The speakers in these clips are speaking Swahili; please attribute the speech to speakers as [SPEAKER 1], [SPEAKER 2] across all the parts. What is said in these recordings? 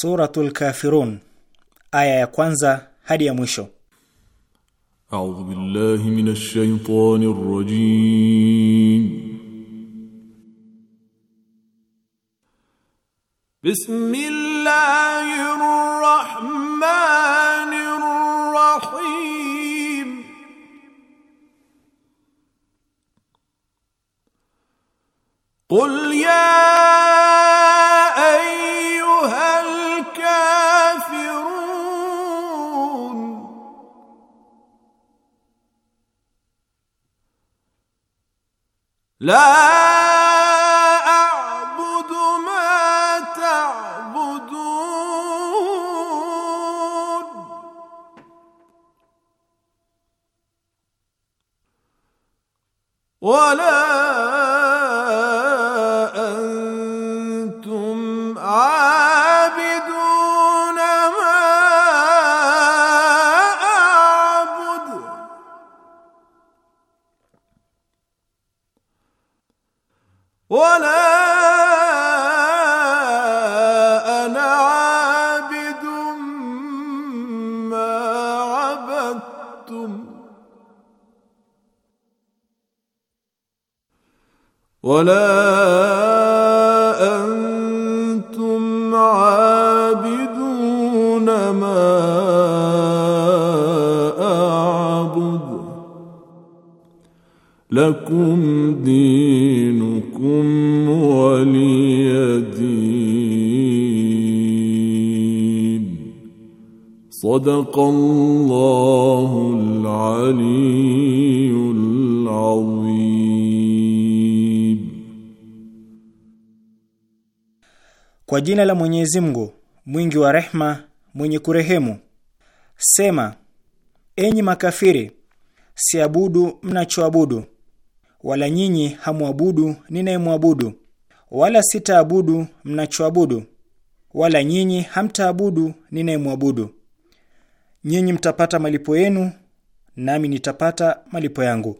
[SPEAKER 1] Suratul Kafirun aya ya kwanza hadi ya mwisho.
[SPEAKER 2] A'udhu billahi minash shaitanir rajim. Bismillahir rahmanir rahim. Qul ya لا أعبد ما تعبدون ولا ولا انتم عابدون ما اعبد لكم دينكم ولي دين صدق الله العليم
[SPEAKER 1] Kwa jina la Mwenyezi Mungu mwingi wa rehma, mwenye kurehemu. Sema, enyi makafiri, siabudu mnachoabudu, wala nyinyi hamwabudu ninayemwabudu, wala sitaabudu mnachoabudu, wala nyinyi hamtaabudu ninayemwabudu. Nyinyi mtapata malipo yenu, nami nitapata malipo yangu.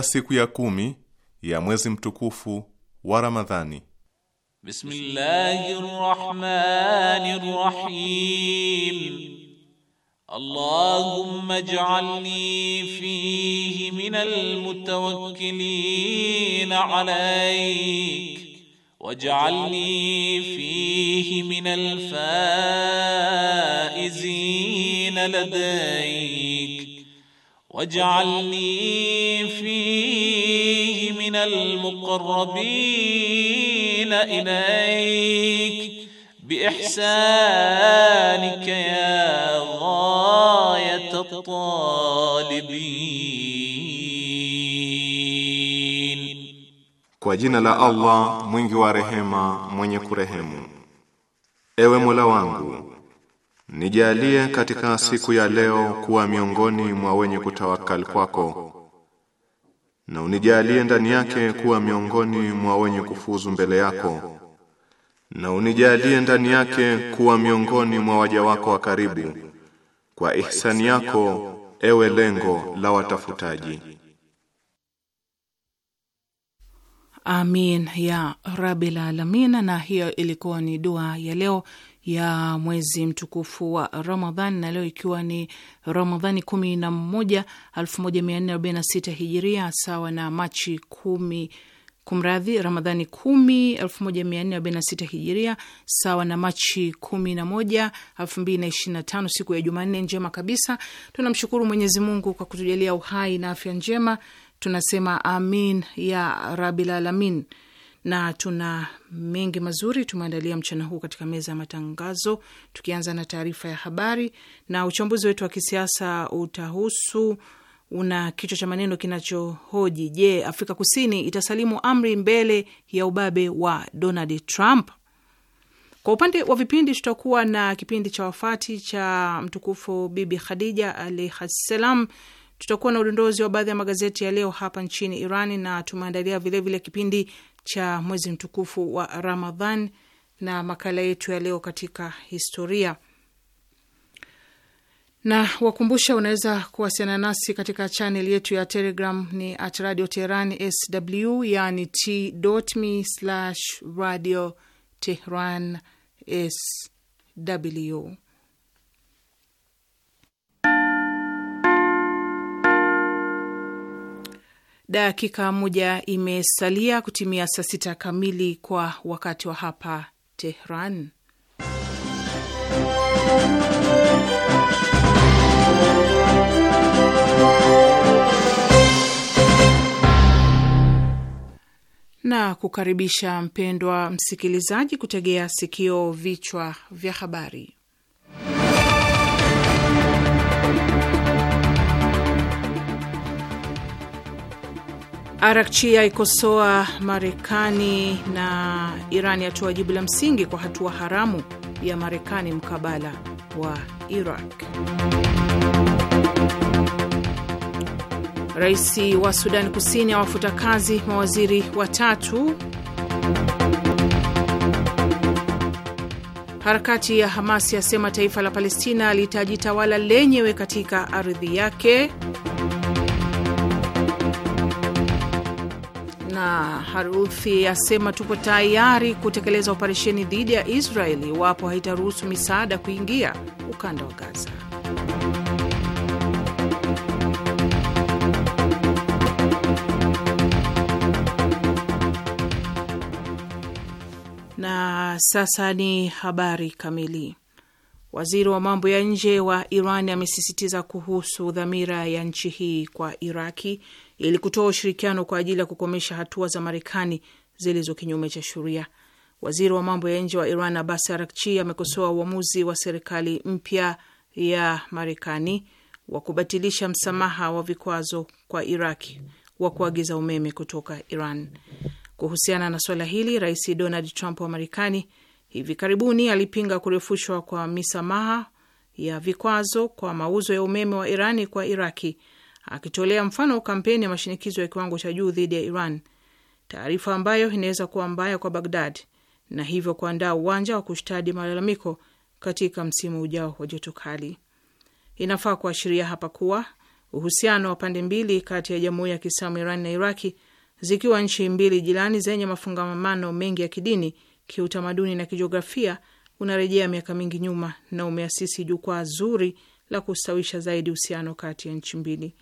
[SPEAKER 1] ya siku ya kumi ya mwezi mtukufu wa Ramadhani.
[SPEAKER 2] Bismillahirrahmanirrahim. Allahumma ij'alni fihi minal mutawakkilin alayk waj'alni fihi minal faizin ladayk واجعلني فيه من المقربين إليك بإحسانك يا غاية الطالبين
[SPEAKER 1] Kwa jina la Allah mwingi wa rehema mwenye kurehemu, ewe Mola wangu Nijalie katika siku ya leo kuwa miongoni mwa wenye kutawakal kwako na unijalie
[SPEAKER 3] ndani yake kuwa miongoni mwa wenye kufuzu mbele yako na unijalie ndani yake kuwa miongoni mwa waja wako wa karibu kwa ihsani
[SPEAKER 1] yako ewe lengo la watafutaji.
[SPEAKER 3] Amin ya Rabbil Alamin. Na hiyo ilikuwa ni dua ya leo ya mwezi mtukufu wa Ramadhan na leo ikiwa ni Ramadhani kumi na moja elfu moja mia nne arobaini na sita hijiria sawa na Machi kumi Kumradhi, Ramadhani kumi elfu moja mia nne arobaini na sita hijiria sawa na Machi kumi na moja elfu mbili na ishirini na tano siku ya Jumanne njema kabisa. Tunamshukuru Mwenyezi Mungu kwa kutujalia uhai na afya njema, tunasema amin ya rabil alamin na tuna mengi mazuri tumeandalia mchana huu katika meza ya matangazo, tukianza na taarifa ya habari na uchambuzi wetu wa kisiasa utahusu una kichwa cha maneno kinachohoji je, Afrika Kusini itasalimu amri mbele ya ubabe wa Donald Trump? Kwa upande wa vipindi tutakuwa na kipindi cha wafati cha mtukufu Bibi Khadija alaihassalam. Tutakuwa na udondozi wa baadhi ya magazeti ya leo hapa nchini iran na tumeandalia vilevile kipindi cha mwezi mtukufu wa Ramadhan na makala yetu ya leo katika historia na wakumbusha, unaweza kuwasiliana nasi katika chanel yetu ya Telegram ni at radio Tehran sw, yani t.me slash radio Tehran sw. Dakika moja imesalia kutimia saa sita kamili kwa wakati wa hapa Tehran. na kukaribisha mpendwa msikilizaji kutegea sikio vichwa vya habari. Arakchia ikosoa Marekani na Iran yatoa jibu la msingi kwa hatua haramu ya Marekani mkabala wa Iraq. Rais wa Sudan Kusini awafuta kazi mawaziri watatu. Harakati ya Hamas yasema taifa la Palestina litajitawala lenyewe katika ardhi yake. Haruthi asema tupo tayari kutekeleza operesheni dhidi ya Israeli iwapo haitaruhusu misaada kuingia ukanda wa Gaza. Na sasa ni habari kamili. Waziri wa mambo ya nje wa Iran amesisitiza kuhusu dhamira ya nchi hii kwa Iraki ili kutoa ushirikiano kwa ajili ya kukomesha hatua za Marekani zilizo kinyume cha sheria. Waziri wa mambo ya nje wa Iran Abbas Arakchi amekosoa uamuzi wa serikali mpya ya Marekani wa kubatilisha msamaha wa vikwazo kwa Iraki wa kuagiza umeme kutoka Iran. Kuhusiana na swala hili, Rais Donald Trump wa Marekani Hivi karibuni alipinga kurefushwa kwa misamaha ya vikwazo kwa mauzo ya umeme wa Irani kwa Iraki, akitolea mfano kampeni ya mashinikizo ya kiwango cha juu dhidi ya Iran, taarifa ambayo inaweza kuwa mbaya kwa Bagdad na hivyo kuandaa uwanja wa kushtadi malalamiko katika msimu ujao wa joto kali. Inafaa kuashiria hapa kuwa uhusiano wa pande mbili kati ya Jamhuri ya Kiislamu Irani na Iraki, zikiwa nchi mbili jirani zenye mafungamano mengi ya kidini kiutamaduni na kijiografia unarejea miaka mingi nyuma na umeasisi jukwaa zuri la kustawisha zaidi uhusiano kati ya nchi mbili.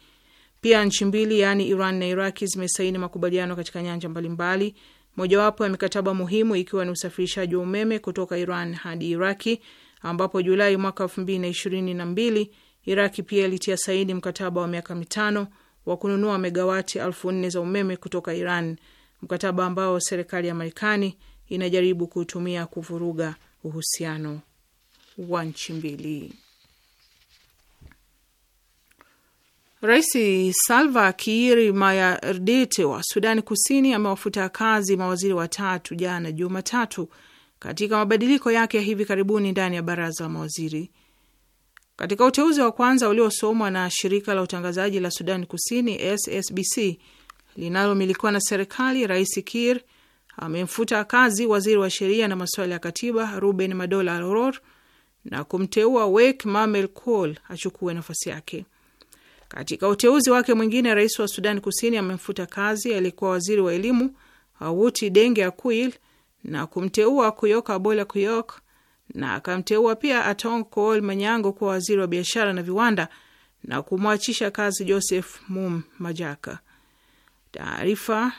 [SPEAKER 3] Pia nchi mbili yaani Iran na Iraki zimesaini makubaliano katika nyanja mbalimbali, mojawapo ya mikataba muhimu ikiwa ni usafirishaji wa umeme kutoka Iran hadi Iraki, ambapo Julai mwaka elfu mbili na ishirini na mbili Iraki pia ilitia saini mkataba wa miaka mitano wa kununua megawati elfu nne za umeme kutoka Iran, mkataba ambao serikali ya Marekani inajaribu kutumia kuvuruga uhusiano wa nchi mbili. Rais Salva Kiir Mayardit wa Sudani Kusini amewafuta kazi mawaziri watatu jana Jumatatu, katika mabadiliko yake ya hivi karibuni ndani ya baraza la mawaziri. Katika uteuzi wa kwanza uliosomwa na shirika la utangazaji la Sudani Kusini SSBC linalomilikiwa na serikali, Rais Kiir amemfuta kazi waziri wa sheria na masuala ya katiba Ruben Madola Aror na kumteua Wek Mamel col achukue nafasi yake. Katika uteuzi wake mwingine, rais wa Sudan Kusini amemfuta kazi aliyekuwa waziri wa elimu Awuti Denge Akuil na kumteua Kuyok bola Kuyok na akamteua pia Atong Kool Manyango kuwa waziri wa biashara na viwanda na kumwachisha kazi Joseph Mum Majaka. Taarifa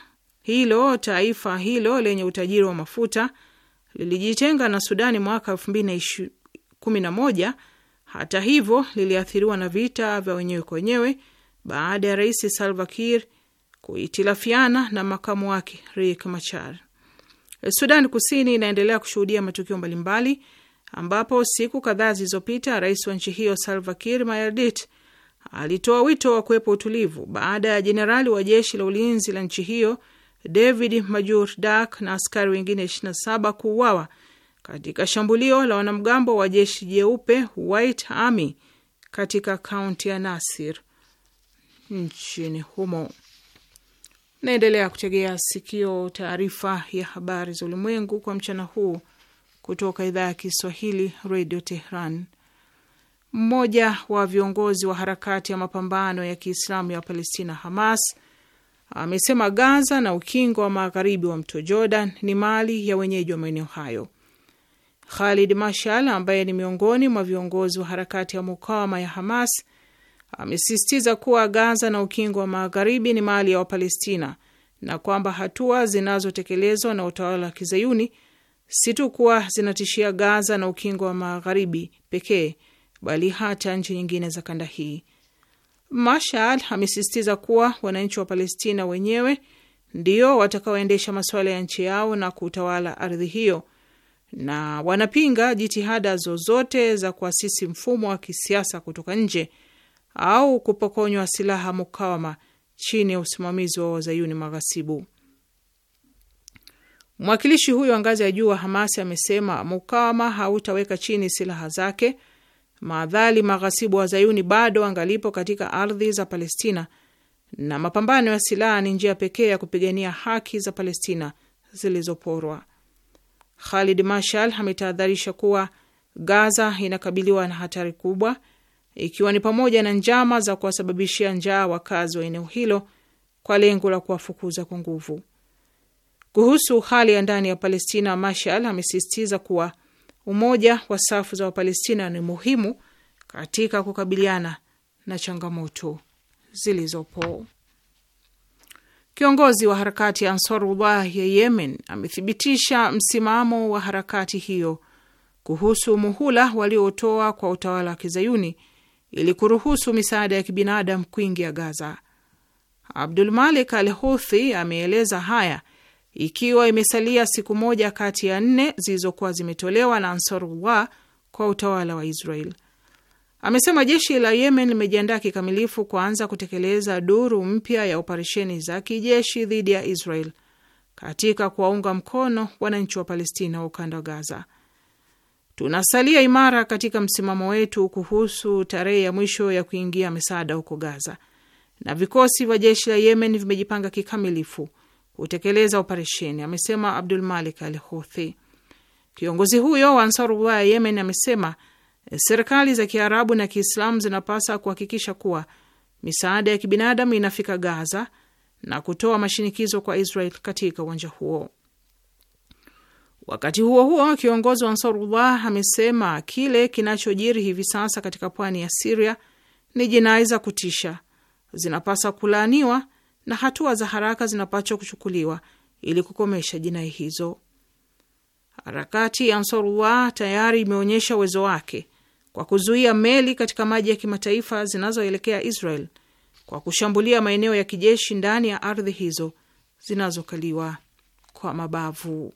[SPEAKER 3] hilo taifa hilo lenye utajiri wa mafuta lilijitenga na Sudani mwaka elfu mbili na kumi na moja. Hata hivyo liliathiriwa na vita vya wenyewe kwa wenyewe baada ya Rais Salva Kiir na makamu wake Riek Machar. Sudan Kusini inaendelea kushuhudia matukio mbalimbali, ambapo siku kadhaa zilizopita rais wa nchi hiyo Salva Kiir Mayardit alitoa wito wa kuwepo utulivu baada ya jenerali wa jeshi la ulinzi la nchi hiyo David majur Dak na askari wengine 27 kuuawa katika shambulio la wanamgambo wa jeshi jeupe White Army katika kaunti ya Nasir nchini humo. Naendelea kutegea sikio taarifa ya habari za ulimwengu kwa mchana huu kutoka idhaa ya Kiswahili Radio Tehran. Mmoja wa viongozi wa harakati ya mapambano ya Kiislamu ya Palestina Hamas amesema Gaza na ukingo wa magharibi wa mto Jordan ni mali ya wenyeji wa maeneo hayo. Khalid Mashal ambaye ni miongoni mwa viongozi wa harakati ya mukawama ya Hamas amesisitiza kuwa Gaza na ukingo wa magharibi ni mali ya Wapalestina na kwamba hatua zinazotekelezwa na utawala wa kizayuni si tu kuwa zinatishia Gaza na ukingo wa magharibi pekee bali hata nchi nyingine za kanda hii. Mashal amesisitiza kuwa wananchi wa Palestina wenyewe ndio watakaoendesha masuala ya nchi yao na kutawala ardhi hiyo, na wanapinga jitihada zozote za kuasisi mfumo wa kisiasa kutoka nje au kupokonywa silaha mukawama chini ya usimamizi wa wazayuni maghasibu. Mwakilishi huyo wa ngazi ya juu wa Hamasi amesema mukawama hautaweka chini silaha zake Maadhali maghasibu wa Zayuni bado angalipo katika ardhi za Palestina na mapambano ya silaha ni njia pekee ya kupigania haki za Palestina zilizoporwa. Khalid Mashal ametahadharisha kuwa Gaza inakabiliwa na hatari kubwa, ikiwa ni pamoja na njama za kuwasababishia njaa wakazi wa eneo hilo kwa lengo la kuwafukuza kwa nguvu. Kuhusu hali ya ndani ya Palestina, Mashal amesisitiza kuwa Umoja wa safu za Wapalestina ni muhimu katika kukabiliana na changamoto zilizopo. Kiongozi wa harakati ya Ansarullah ya Yemen amethibitisha msimamo wa harakati hiyo kuhusu muhula waliotoa kwa utawala wa kizayuni ili kuruhusu misaada ya kibinadamu kuingia Gaza. Abdul Malik al Huthi ameeleza haya ikiwa imesalia siku moja kati ya nne zilizokuwa zimetolewa na Ansarullah kwa utawala wa Israel. Amesema jeshi la Yemen limejiandaa kikamilifu kuanza kutekeleza duru mpya ya operesheni za kijeshi dhidi ya Israel katika kuwaunga mkono wananchi wa Palestina wa ukanda wa Gaza. Tunasalia imara katika msimamo wetu kuhusu tarehe ya mwisho ya kuingia misaada huko Gaza, na vikosi vya jeshi la Yemen vimejipanga kikamilifu kutekeleza operesheni, amesema Abdul Malik al Huthi. Kiongozi huyo wa Ansarullah ya Yemen amesema eh, serikali za Kiarabu na Kiislamu zinapasa kuhakikisha kuwa misaada ya kibinadamu inafika Gaza na kutoa mashinikizo kwa Israel katika uwanja huo. Wakati huo huo, kiongozi wa Ansarullah amesema kile kinachojiri hivi sasa katika pwani ya Siria ni jinai za kutisha, zinapasa kulaaniwa na hatua za haraka zinapaswa kuchukuliwa ili kukomesha jinai hizo. Harakati ya Ansarullah tayari imeonyesha uwezo wake kwa kuzuia meli katika maji ya kimataifa zinazoelekea Israel kwa kushambulia maeneo ya kijeshi ndani ya ardhi hizo zinazokaliwa kwa mabavu.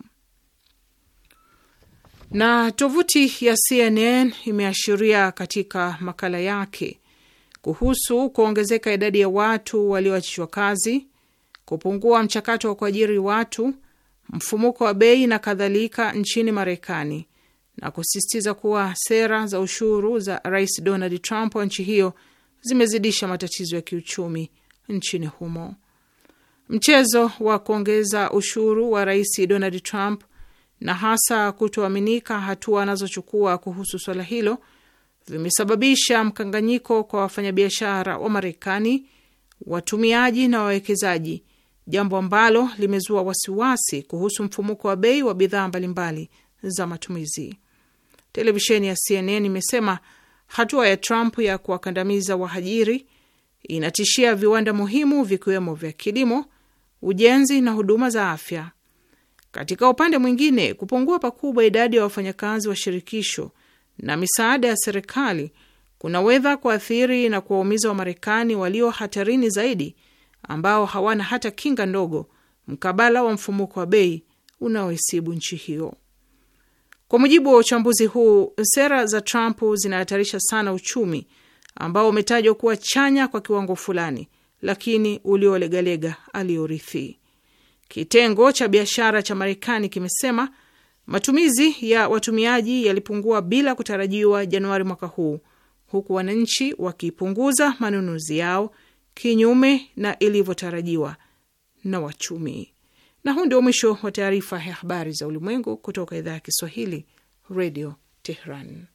[SPEAKER 3] Na tovuti ya CNN imeashiria katika makala yake kuhusu kuongezeka idadi ya watu walioachishwa kazi, kupungua mchakato wa kuajiri watu, mfumuko wa bei na kadhalika nchini Marekani, na kusisitiza kuwa sera za ushuru za Rais Donald Trump wa nchi hiyo zimezidisha matatizo ya kiuchumi nchini humo. Mchezo wa kuongeza ushuru wa Rais Donald Trump na hasa kutoaminika hatua anazochukua kuhusu swala hilo vimesababisha mkanganyiko kwa wafanyabiashara wa Marekani, watumiaji na wawekezaji, jambo ambalo limezua wasiwasi kuhusu mfumuko wa bei wa bidhaa mbalimbali za matumizi. Televisheni ya CNN imesema hatua ya Trump ya kuwakandamiza wahajiri inatishia viwanda muhimu vikiwemo vya kilimo, ujenzi na huduma za afya. Katika upande mwingine, kupungua pakubwa idadi ya wafanyakazi wa shirikisho na misaada ya serikali kunaweza kuathiri na kuwaumiza Wamarekani walio hatarini zaidi, ambao hawana hata kinga ndogo mkabala wa mfumuko wa bei unaohesibu nchi hiyo. Kwa mujibu wa uchambuzi huu, sera za Trump zinahatarisha sana uchumi ambao umetajwa kuwa chanya kwa kiwango fulani, lakini uliolegalega aliorithi. Kitengo cha biashara cha Marekani kimesema Matumizi ya watumiaji yalipungua bila kutarajiwa Januari mwaka huu, huku wananchi wakipunguza manunuzi yao kinyume na ilivyotarajiwa na wachumi. Na huu ndio mwisho wa taarifa ya habari za ulimwengu kutoka idhaa ya Kiswahili, Redio Tehran.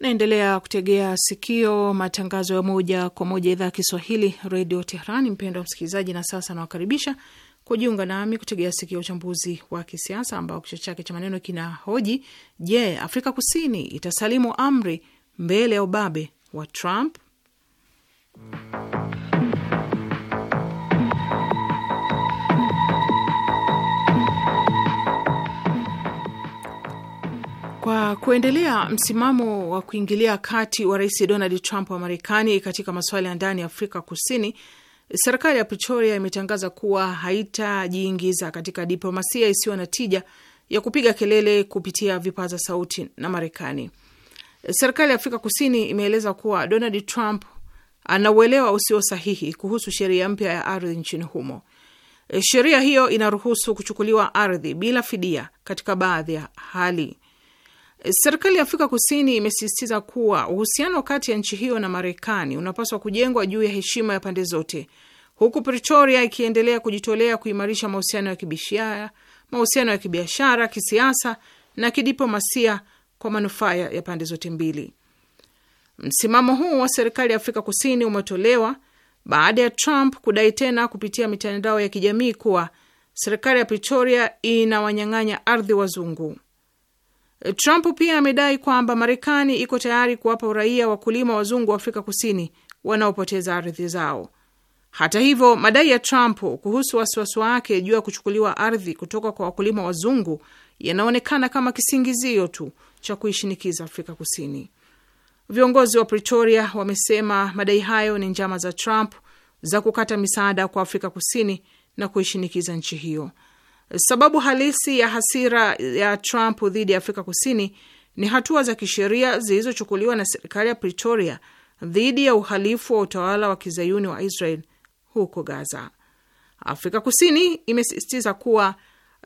[SPEAKER 3] Naendelea kutegea sikio matangazo ya moja kwa moja idhaa ya Kiswahili redio Tehrani. Mpendo wa msikilizaji, na sasa nawakaribisha kujiunga nami kutegea sikio uchambuzi wa kisiasa ambao kichwa chake cha maneno kina hoji: Je, Afrika Kusini itasalimu amri mbele ya ubabe wa Trump? Kwa kuendelea msimamo wa kuingilia kati wa Rais Donald Trump wa Marekani katika masuala ya ndani ya Afrika Kusini, serikali ya Pretoria imetangaza kuwa haitajiingiza katika diplomasia isiyo na tija ya kupiga kelele kupitia vipaza sauti na Marekani. Serikali ya Afrika Kusini imeeleza kuwa Donald Trump anauelewa usio sahihi kuhusu sheria mpya ya ardhi nchini humo. Sheria hiyo inaruhusu kuchukuliwa ardhi bila fidia katika baadhi ya hali. Serikali ya Afrika Kusini imesisitiza kuwa uhusiano kati ya nchi hiyo na Marekani unapaswa kujengwa juu ya heshima ya pande zote, huku Pretoria ikiendelea kujitolea kuimarisha mahusiano ya kibiashara, mahusiano ya kibiashara, kisiasa na kidiplomasia kwa manufaa ya pande zote mbili. Msimamo huu wa serikali ya Afrika Kusini umetolewa baada ya Trump kudai tena kupitia mitandao ya kijamii kuwa serikali ya Pretoria inawanyang'anya ardhi wazungu. Trump pia amedai kwamba Marekani iko tayari kuwapa uraia wakulima wazungu wa Afrika Kusini wanaopoteza ardhi zao. Hata hivyo, madai ya Trump kuhusu wasiwasi wake juu ya kuchukuliwa ardhi kutoka kwa wakulima wazungu yanaonekana kama kisingizio tu cha kuishinikiza Afrika Kusini. Viongozi wa Pretoria wamesema madai hayo ni njama za Trump za kukata misaada kwa Afrika Kusini na kuishinikiza nchi hiyo. Sababu halisi ya hasira ya Trump dhidi ya Afrika Kusini ni hatua za kisheria zilizochukuliwa na serikali ya Pretoria dhidi ya uhalifu wa utawala wa kizayuni wa Israel huko Gaza. Afrika Kusini imesisitiza kuwa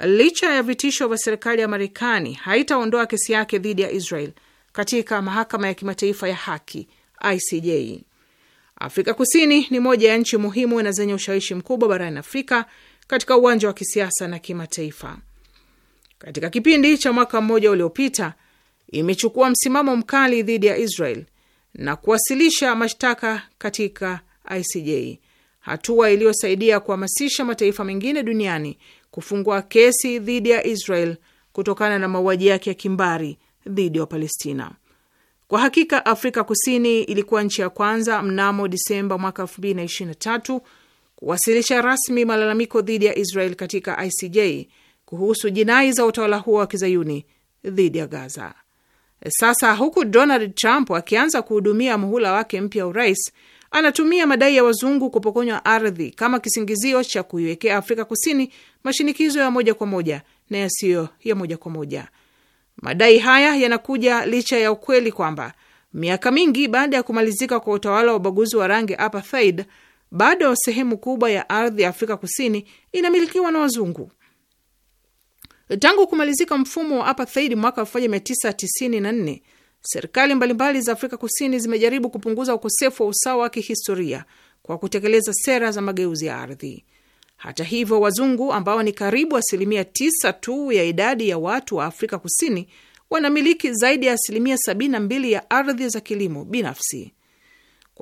[SPEAKER 3] licha ya vitisho vya serikali ya Marekani haitaondoa kesi yake dhidi ya Israel katika mahakama ya kimataifa ya haki ICJ. Afrika Kusini ni moja ya nchi muhimu na zenye ushawishi mkubwa barani Afrika katika uwanja wa kisiasa na kimataifa. Katika kipindi cha mwaka mmoja uliopita, imechukua msimamo mkali dhidi ya Israel na kuwasilisha mashtaka katika ICJ, hatua iliyosaidia kuhamasisha mataifa mengine duniani kufungua kesi dhidi ya Israel kutokana na mauaji yake ya kimbari dhidi ya Wapalestina. Kwa hakika, Afrika Kusini ilikuwa nchi ya kwanza mnamo Disemba mwaka kuwasilisha rasmi malalamiko dhidi ya Israel katika ICJ kuhusu jinai za utawala huo wa kizayuni dhidi ya Gaza. Sasa huku Donald Trump akianza kuhudumia muhula wake mpya urais, anatumia madai ya wazungu kupokonywa ardhi kama kisingizio cha kuiwekea Afrika Kusini mashinikizo ya moja kwa moja na yasiyo ya moja kwa moja. Madai haya yanakuja licha ya ukweli kwamba miaka mingi baada ya kumalizika kwa utawala wa ubaguzi wa rangi apartheid, bado sehemu kubwa ya ardhi ya Afrika Kusini inamilikiwa na wazungu. Tangu kumalizika mfumo wa apartheid mwaka 1994 serikali mbalimbali za Afrika Kusini zimejaribu kupunguza ukosefu wa usawa wa kihistoria kwa kutekeleza sera za mageuzi ya ardhi. Hata hivyo, wazungu ambao ni karibu asilimia 9 tu ya idadi ya watu wa Afrika Kusini wanamiliki zaidi ya asilimia 72 ya ardhi za kilimo binafsi.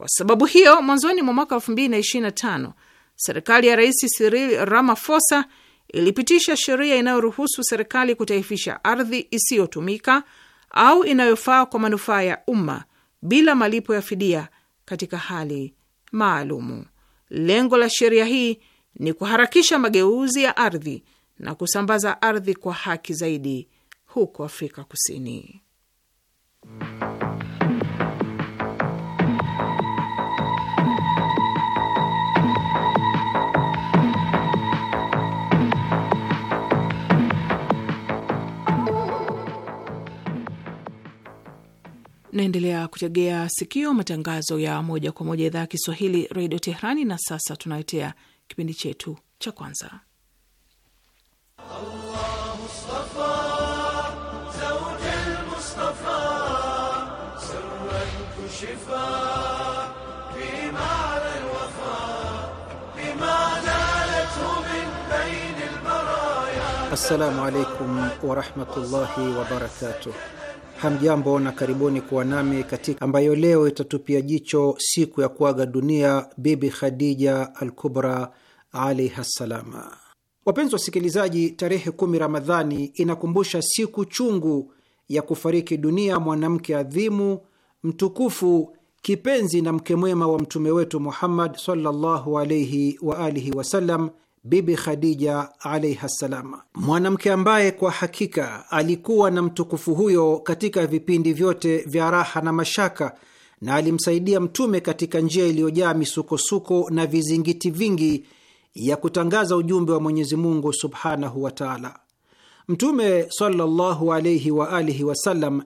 [SPEAKER 3] Kwa sababu hiyo, mwanzoni mwa mwaka 2025 serikali ya Rais Cyril Ramaphosa ilipitisha sheria inayoruhusu serikali kutaifisha ardhi isiyotumika au inayofaa kwa manufaa ya umma bila malipo ya fidia katika hali maalumu. Lengo la sheria hii ni kuharakisha mageuzi ya ardhi na kusambaza ardhi kwa haki zaidi huko Afrika Kusini. Naendelea kutegea sikio matangazo ya moja kwa moja idhaa ya Kiswahili redio Teherani. Na sasa tunaletea kipindi chetu cha kwanza
[SPEAKER 1] Assalamu alaikum warahmatullahi wabarakatuh. Hamjambo na karibuni kuwa nami katika ambayo leo itatupia jicho siku ya kuaga dunia Bibi Khadija Al-Kubra alaiha ssalama. Wapenzi wasikilizaji, tarehe kumi Ramadhani inakumbusha siku chungu ya kufariki dunia mwanamke adhimu, mtukufu, kipenzi na mke mwema wa mtume wetu Muhammad sallallahu alaihi waalihi wasallam Bibi Khadija alaihi ssalam, mwanamke ambaye kwa hakika alikuwa na mtukufu huyo katika vipindi vyote vya raha na mashaka, na alimsaidia Mtume katika njia iliyojaa misukosuko na vizingiti vingi ya kutangaza ujumbe wa Mwenyezi Mungu subhanahu wa taala. Mtume sallallahu alaihi wa alihi wasallam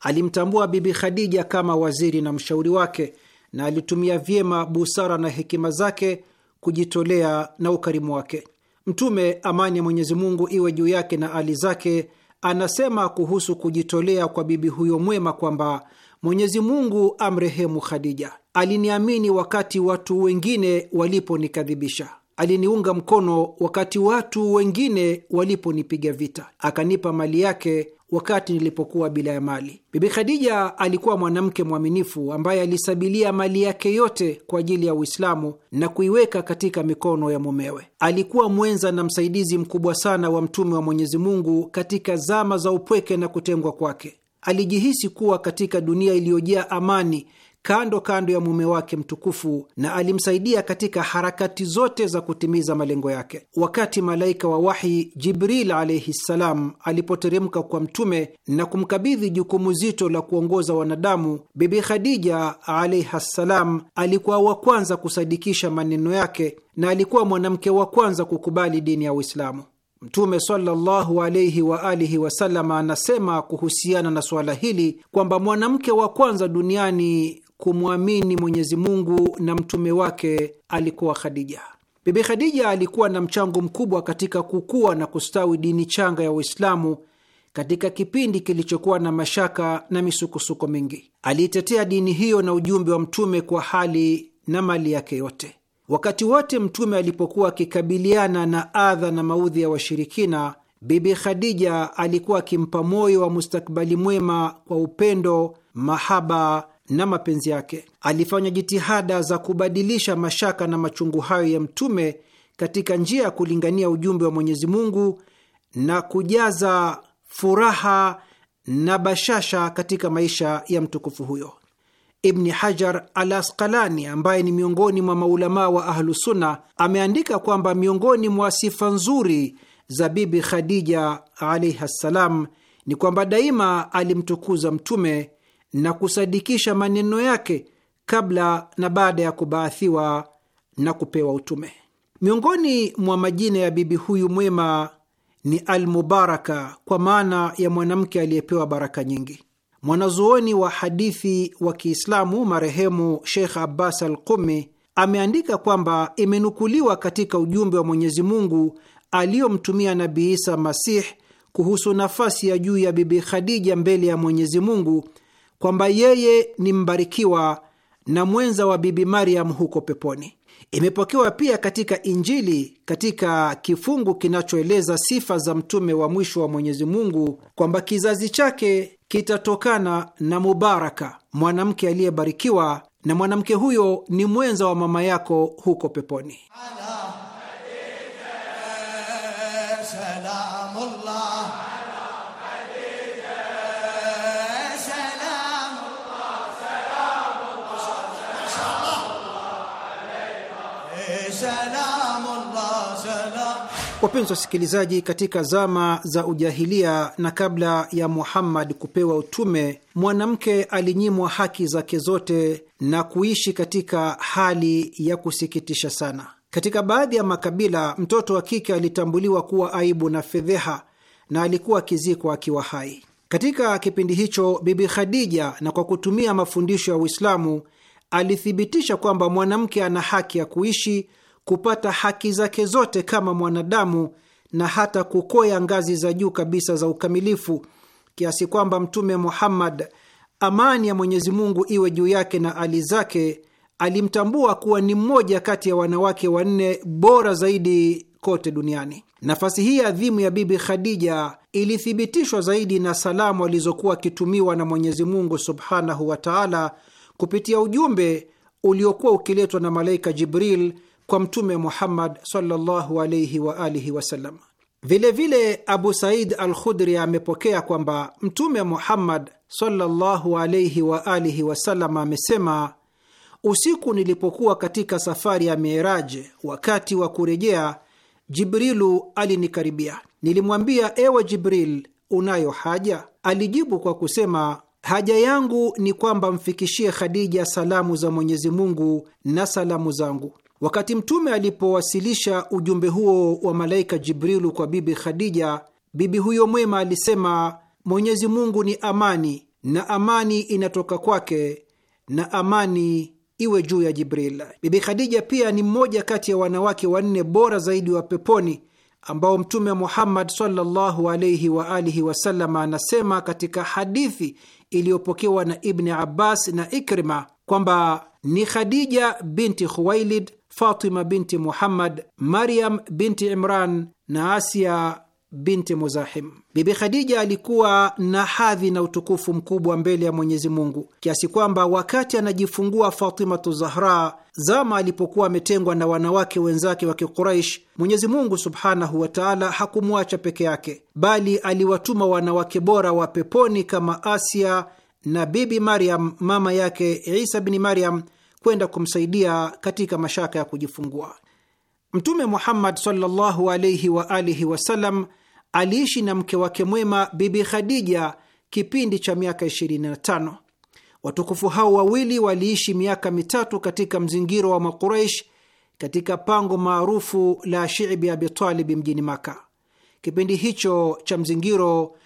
[SPEAKER 1] alimtambua Bibi Khadija kama waziri na mshauri wake, na alitumia vyema busara na hekima zake kujitolea na ukarimu wake. Mtume, amani ya Mwenyezi Mungu iwe juu yake na ali zake, anasema kuhusu kujitolea kwa bibi huyo mwema kwamba Mwenyezi Mungu amrehemu Khadija, aliniamini wakati watu wengine waliponikadhibisha, aliniunga mkono wakati watu wengine waliponipiga vita, akanipa mali yake wakati nilipokuwa bila ya mali. Bibi Khadija alikuwa mwanamke mwaminifu ambaye alisabilia mali yake yote kwa ajili ya Uislamu na kuiweka katika mikono ya mumewe. Alikuwa mwenza na msaidizi mkubwa sana wa Mtume wa Mwenyezi Mungu katika zama za upweke na kutengwa kwake. Alijihisi kuwa katika dunia iliyojaa amani kando kando ya mume wake mtukufu na alimsaidia katika harakati zote za kutimiza malengo yake. Wakati malaika wa wahi Jibril alaihi ssalam alipoteremka kwa Mtume na kumkabidhi jukumu zito la kuongoza wanadamu, Bibi Khadija alaiha ssalam alikuwa wa kwanza kusadikisha maneno yake na alikuwa mwanamke wa kwanza kukubali dini ya Uislamu. Mtume sallallahu wa alihi wasalama anasema kuhusiana na suala hili kwamba mwanamke wa kwanza duniani kumwamini Mwenyezi Mungu na mtume wake alikuwa Khadija. Bibi Khadija alikuwa na mchango mkubwa katika kukua na kustawi dini changa ya Uislamu katika kipindi kilichokuwa na mashaka na misukosuko mingi. Aliitetea dini hiyo na ujumbe wa mtume kwa hali na mali yake yote. Wakati wote mtume alipokuwa akikabiliana na adha na maudhi ya washirikina, Bibi Khadija alikuwa akimpa moyo wa mustakbali mwema kwa upendo, mahaba na mapenzi yake. Alifanya jitihada za kubadilisha mashaka na machungu hayo ya mtume katika njia ya kulingania ujumbe wa Mwenyezi Mungu na kujaza furaha na bashasha katika maisha ya mtukufu huyo. Ibni Hajar al Asqalani, ambaye ni miongoni mwa maulamaa wa Ahlusunna, ameandika kwamba miongoni mwa sifa nzuri za Bibi Khadija alaihi ssalam ni kwamba daima alimtukuza Mtume na kusadikisha maneno yake kabla na baada ya kubaathiwa na kupewa utume. Miongoni mwa majina ya bibi huyu mwema ni Almubaraka, kwa maana ya mwanamke aliyepewa baraka nyingi. Mwanazuoni wa hadithi wa Kiislamu marehemu Sheikh Abbas al Qumi ameandika kwamba imenukuliwa katika ujumbe wa Mwenyezi Mungu aliyomtumia Nabii Isa Masih kuhusu nafasi ya juu ya Bibi Khadija mbele ya Mwenyezi Mungu kwamba yeye ni mbarikiwa na mwenza wa Bibi Mariam huko peponi. Imepokewa pia katika Injili katika kifungu kinachoeleza sifa za mtume wa mwisho wa Mwenyezi Mungu kwamba kizazi chake kitatokana na Mubaraka, mwanamke aliyebarikiwa, na mwanamke huyo ni mwenza wa mama yako huko peponi Ala. Wapenzi wasikilizaji, katika zama za ujahilia na kabla ya Muhammad kupewa utume, mwanamke alinyimwa haki zake zote na kuishi katika hali ya kusikitisha sana. Katika baadhi ya makabila, mtoto wa kike alitambuliwa kuwa aibu na fedheha na alikuwa akizikwa akiwa hai. Katika kipindi hicho, Bibi Khadija, na kwa kutumia mafundisho ya Uislamu, alithibitisha kwamba mwanamke ana haki ya kuishi kupata haki zake zote kama mwanadamu na hata kukoya ngazi za juu kabisa za ukamilifu, kiasi kwamba Mtume Muhammad, amani ya Mwenyezi Mungu iwe juu yake na ali zake, alimtambua kuwa ni mmoja kati ya wanawake wanne bora zaidi kote duniani. Nafasi hii adhimu ya Bibi Khadija ilithibitishwa zaidi na salamu alizokuwa akitumiwa na Mwenyezi Mungu subhanahu wa taala kupitia ujumbe uliokuwa ukiletwa na malaika Jibril kwa Mtume Muhammad sallallahu alayhi wa alihi wasallam. Vilevile Abu Said al Khudri amepokea kwamba Mtume Muhammad sallallahu wa alihi wasallam amesema, usiku nilipokuwa katika safari ya Miraj, wakati wa kurejea, Jibrilu alinikaribia. Nilimwambia, ewe Jibril, unayo haja? Alijibu kwa kusema Haja yangu ni kwamba mfikishie Khadija salamu za Mwenyezi Mungu na salamu zangu. Wakati Mtume alipowasilisha ujumbe huo wa malaika Jibrilu kwa Bibi Khadija, bibi huyo mwema alisema, Mwenyezi Mungu ni amani, na amani inatoka kwake, na amani iwe juu ya Jibril. Bibi Khadija pia ni mmoja kati ya wanawake wanne bora zaidi wa peponi ambao Mtume Muhammad sallallahu wa alihi wasallam anasema katika hadithi iliyopokewa na Ibni Abbas na Ikrima kwamba ni Khadija binti Khuwailid Fatima binti Muhammad, Maryam binti Imran na Asia binti Muzahim. Bibi Khadija alikuwa na hadhi na utukufu mkubwa mbele ya Mwenyezi Mungu kiasi kwamba wakati anajifungua Fatimatu Zahra, zama alipokuwa ametengwa na wanawake wenzake wa Kiquraish, Mwenyezi Mungu subhanahu wa taala hakumwacha peke yake, bali aliwatuma wanawake bora wa peponi kama Asia na Bibi Maryam mama yake Isa bini Maryam kwenda kumsaidia katika mashaka ya kujifungua. Mtume Muhammad sallallahu wa alihi wasallam aliishi na mke wake mwema Bibi Khadija kipindi cha miaka 25. Watukufu hao wawili waliishi miaka mitatu katika mzingiro wa Makuraish katika pango maarufu la Shibi Abitalibi mjini Maka. Kipindi hicho cha mzingiro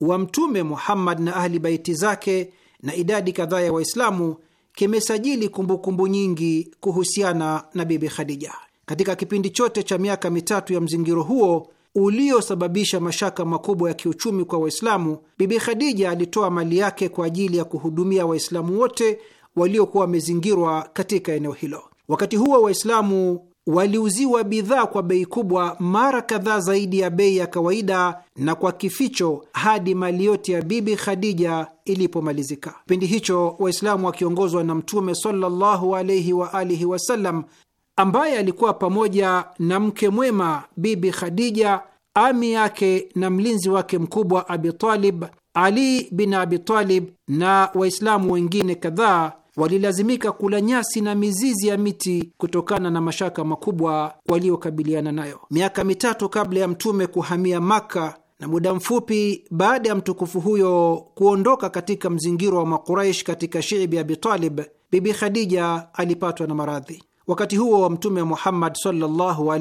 [SPEAKER 1] wa Mtume Muhammad na ahli baiti zake na idadi kadhaa ya Waislamu kimesajili kumbukumbu nyingi kuhusiana na Bibi Khadija. Katika kipindi chote cha miaka mitatu ya mzingiro huo uliosababisha mashaka makubwa ya kiuchumi kwa Waislamu, Bibi Khadija alitoa mali yake kwa ajili ya kuhudumia Waislamu wote waliokuwa wamezingirwa katika eneo hilo. Wakati huo Waislamu waliuziwa bidhaa kwa bei kubwa mara kadhaa zaidi ya bei ya kawaida na kwa kificho hadi mali yote ya Bibi Khadija ilipomalizika. Kipindi hicho Waislamu wakiongozwa na Mtume sallallahu alaihi wa alihi wasallam, ambaye alikuwa pamoja na mke mwema Bibi Khadija, ami yake na mlinzi wake mkubwa Abitalib, Ali bin Abitalib na Waislamu wengine kadhaa walilazimika kula nyasi na mizizi ya miti kutokana na mashaka makubwa waliokabiliana nayo. Miaka mitatu kabla ya Mtume kuhamia Maka na muda mfupi baada ya mtukufu huyo kuondoka katika mzingiro wa Makuraish katika Shiibi ya Abitalib, Bibi Khadija alipatwa na maradhi. Wakati huo Mtume Muhammad sallallahu wa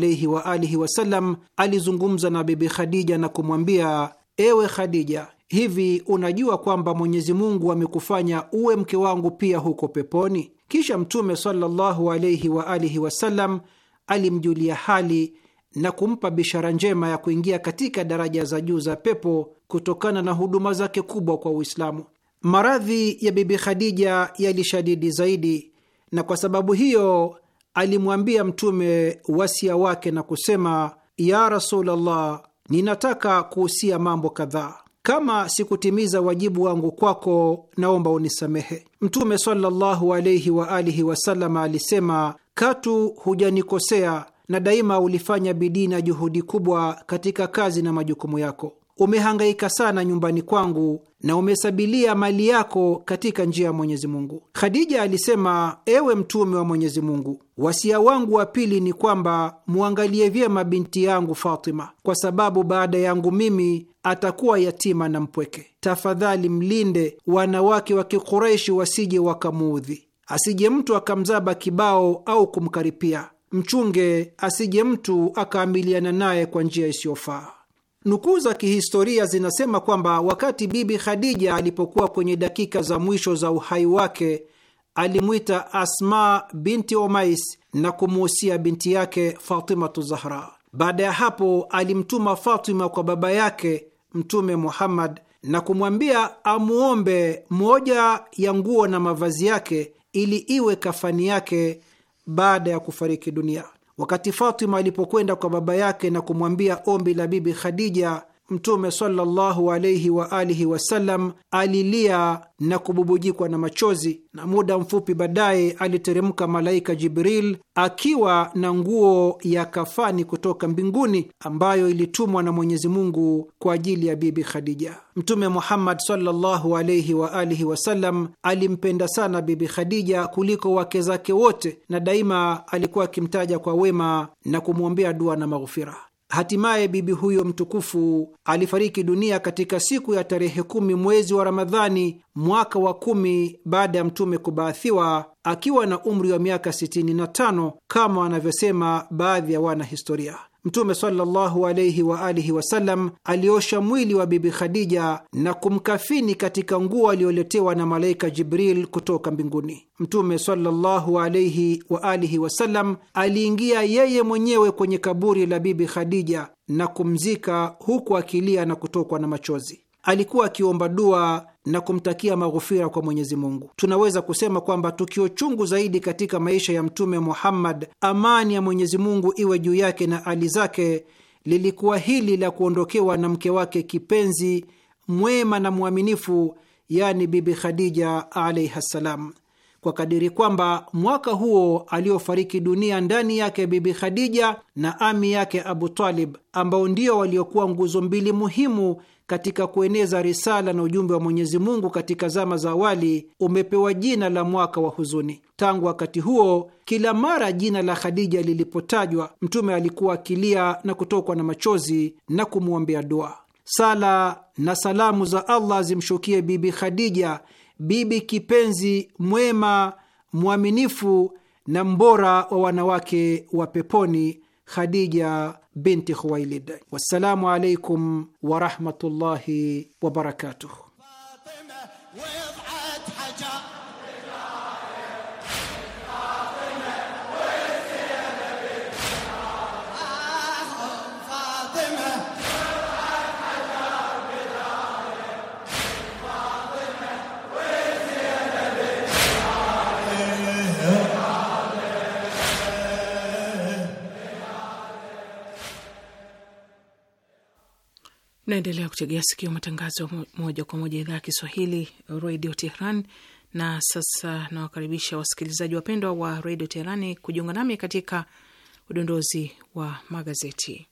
[SPEAKER 1] alihi wasallam alizungumza na Bibi Khadija na kumwambia, ewe Khadija, hivi unajua kwamba Mwenyezi Mungu amekufanya uwe mke wangu pia huko peponi? Kisha Mtume sallallahu alaihi wa alihi wasallam alimjulia hali na kumpa bishara njema ya kuingia katika daraja za juu za pepo kutokana na huduma zake kubwa kwa Uislamu. Maradhi ya Bibi Khadija yalishadidi zaidi, na kwa sababu hiyo alimwambia Mtume wasia wake na kusema, ya Rasulullah, ninataka kuhusia mambo kadhaa. Kama sikutimiza wajibu wangu kwako, naomba unisamehe. Mtume sallallahu alaihi wa alihi wasallam alisema, katu hujanikosea na daima ulifanya bidii na juhudi kubwa katika kazi na majukumu yako umehangaika sana nyumbani kwangu na umesabilia mali yako katika njia ya Mwenyezi Mungu. Khadija alisema, ewe mtume wa Mwenyezi Mungu, wasia wangu wa pili ni kwamba muangalie vyema binti yangu Fatima, kwa sababu baada yangu mimi atakuwa yatima na mpweke. Tafadhali mlinde wanawake wa Kikureishi wasije wakamuudhi, asije mtu akamzaba kibao au kumkaripia. Mchunge asije mtu akaamiliana naye kwa njia isiyofaa. Nukuu za kihistoria zinasema kwamba wakati Bibi Khadija alipokuwa kwenye dakika za mwisho za uhai wake alimwita Asma binti Omais na kumuhusia binti yake Fatimatu Zahra. Baada ya hapo alimtuma Fatima kwa baba yake Mtume Muhammad na kumwambia amuombe moja ya nguo na mavazi yake ili iwe kafani yake baada ya kufariki dunia. Wakati Fatima alipokwenda kwa baba yake na kumwambia ombi la Bibi Khadija Mtume sallallahu wa alihi wasallam alilia na kububujikwa na machozi, na muda mfupi baadaye aliteremka malaika Jibril akiwa na nguo ya kafani kutoka mbinguni ambayo ilitumwa na Mwenyezi Mungu kwa ajili ya Bibi Khadija. Mtume Muhammad sallallahu wa alihi wasallam alimpenda sana Bibi Khadija kuliko wake zake wote, na daima alikuwa akimtaja kwa wema na kumwombea dua na maghufira. Hatimaye bibi huyo mtukufu alifariki dunia katika siku ya tarehe kumi mwezi wa Ramadhani mwaka wa kumi baada ya Mtume kubaathiwa akiwa na umri wa miaka 65 kama wanavyosema baadhi ya wanahistoria. Mtume sallallahu alayhi wa alihi wasallam aliosha mwili wa Bibi Khadija na kumkafini katika nguo aliyoletewa na malaika Jibril kutoka mbinguni. Mtume sallallahu alayhi wa alihi wasallam aliingia yeye mwenyewe kwenye kaburi la Bibi Khadija na kumzika huku akilia na kutokwa na machozi. Alikuwa akiomba dua na kumtakia maghufira kwa Mwenyezi Mungu. Tunaweza kusema kwamba tukio chungu zaidi katika maisha ya Mtume Muhammad, amani ya Mwenyezi Mungu iwe juu yake na ali zake, lilikuwa hili la kuondokewa na mke wake kipenzi, mwema na mwaminifu, yani Bibi Khadija alaihi ssalam kwa kadiri kwamba mwaka huo aliofariki dunia ndani yake Bibi Khadija na ami yake Abu Talib, ambao ndio waliokuwa nguzo mbili muhimu katika kueneza risala na ujumbe wa Mwenyezi Mungu katika zama za awali, umepewa jina la mwaka wa huzuni. Tangu wakati huo, kila mara jina la Khadija lilipotajwa, Mtume alikuwa akilia na kutokwa na machozi na kumwombea dua. Sala na salamu za Allah zimshukie Bibi Khadija bibi kipenzi, mwema, mwaminifu na mbora wa wanawake wa peponi, Khadija binti Khuwailid. Wassalamu alaikum warahmatullahi wabarakatuh.
[SPEAKER 3] Naendelea kutegea sikio matangazo moja kwa moja idhaa ya Kiswahili redio Tehran. Na sasa nawakaribisha wasikilizaji wapendwa wa redio Teherani kujiunga nami katika udondozi wa magazeti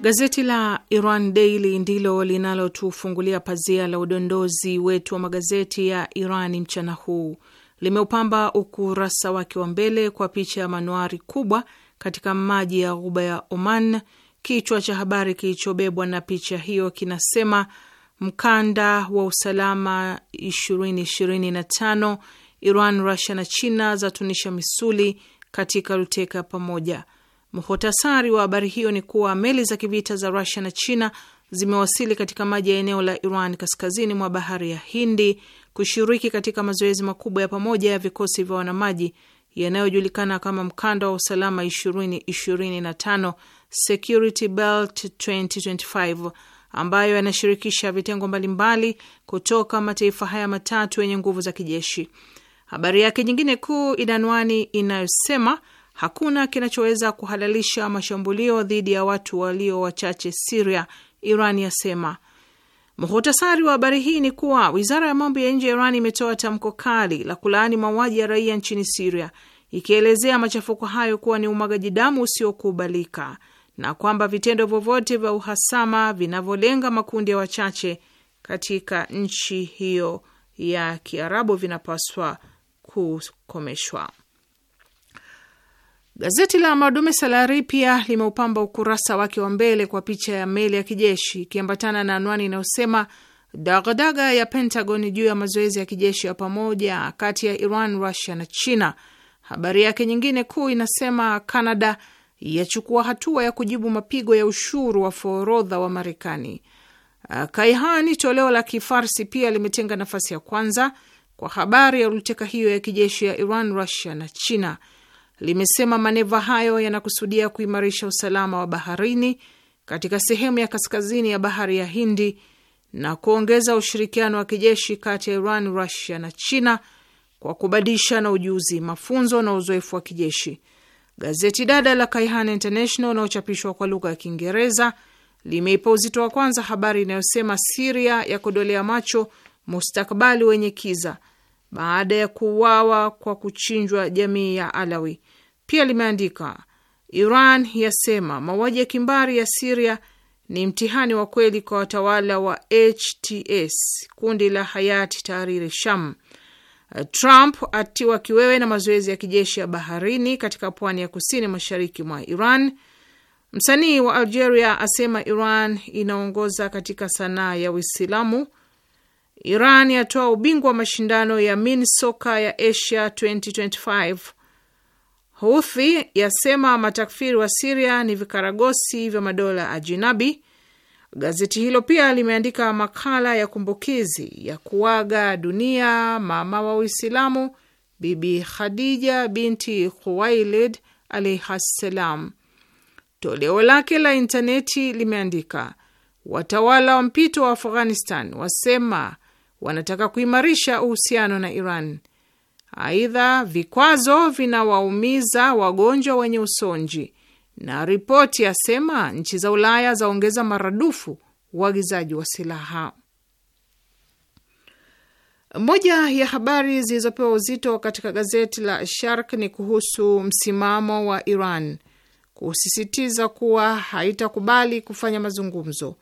[SPEAKER 3] Gazeti la Iran Daily ndilo linalotufungulia pazia la udondozi wetu wa magazeti ya Iran mchana huu. Limeupamba ukurasa wake wa mbele kwa picha ya manuari kubwa katika maji ya ghuba ya Oman. Kichwa cha habari kilichobebwa na picha hiyo kinasema mkanda wa usalama 2025 Iran, Rusia na China zatunisha misuli katika luteka pamoja. Muhtasari wa habari hiyo ni kuwa meli za kivita za Rusia na China zimewasili katika maji ya eneo la Iran kaskazini mwa bahari ya Hindi kushiriki katika mazoezi makubwa ya pamoja ya vikosi vya wanamaji yanayojulikana kama mkanda wa usalama 2025 Security Belt 2025 ambayo yanashirikisha vitengo mbalimbali kutoka mataifa haya matatu yenye nguvu za kijeshi. Habari yake nyingine kuu ina anwani inayosema Hakuna kinachoweza kuhalalisha mashambulio dhidi ya watu walio wachache Siria, Iran yasema. Muhutasari wa habari hii ni kuwa wizara ya mambo ya nje ya Iran imetoa tamko kali la kulaani mauaji ya raia nchini Siria, ikielezea machafuko hayo kuwa ni umwagaji damu usiokubalika na kwamba vitendo vyovyote vya uhasama vinavyolenga makundi ya wachache katika nchi hiyo ya Kiarabu vinapaswa kukomeshwa. Gazeti la Madume Salari pia limeupamba ukurasa wake wa mbele kwa picha ya meli ya kijeshi ikiambatana na anwani inayosema dagadaga ya Pentagon juu ya mazoezi ya kijeshi ya pamoja kati ya Iran, Russia na China. Habari yake nyingine kuu inasema Canada yachukua hatua ya kujibu mapigo ya ushuru wa forodha wa Marekani. Ah, Kaihani toleo la Kifarsi pia limetenga nafasi ya kwanza kwa habari ya ruteka hiyo ya kijeshi ya Iran, Russia na China limesema maneva hayo yanakusudia kuimarisha usalama wa baharini katika sehemu ya kaskazini ya bahari ya Hindi na kuongeza ushirikiano wa kijeshi kati ya Iran, Rusia na China kwa kubadilishana ujuzi, mafunzo na uzoefu wa kijeshi. Gazeti dada la Kaihan International unaochapishwa kwa lugha ya Kiingereza limeipa uzito wa kwanza habari inayosema Siria ya kodolea macho mustakabali wenye kiza baada ya kuuawa kwa kuchinjwa jamii ya Alawi. Pia limeandika Iran yasema mauaji ya kimbari ya Siria ni mtihani wa kweli kwa watawala wa HTS, kundi la Hayati Tahrir Sham. Trump atiwa kiwewe na mazoezi ya kijeshi ya baharini katika pwani ya kusini mashariki mwa Iran. Msanii wa Algeria asema Iran inaongoza katika sanaa ya Uislamu. Iran yatoa ubingwa wa mashindano ya min soka ya Asia 2025. Houthi yasema matakfiri wa Siria ni vikaragosi vya madola ajinabi. Gazeti hilo pia limeandika makala ya kumbukizi ya kuaga dunia mama wa Uislamu Bibi Khadija binti Khuwailid alaihassalam. Toleo lake la intaneti limeandika watawala wa mpito wa Afghanistan wasema wanataka kuimarisha uhusiano na Iran. Aidha, vikwazo vinawaumiza wagonjwa wenye usonji, na ripoti yasema nchi za Ulaya zaongeza maradufu uagizaji wa silaha. Moja ya habari zilizopewa uzito katika gazeti la Shark ni kuhusu msimamo wa Iran kusisitiza kuwa haitakubali kufanya mazungumzo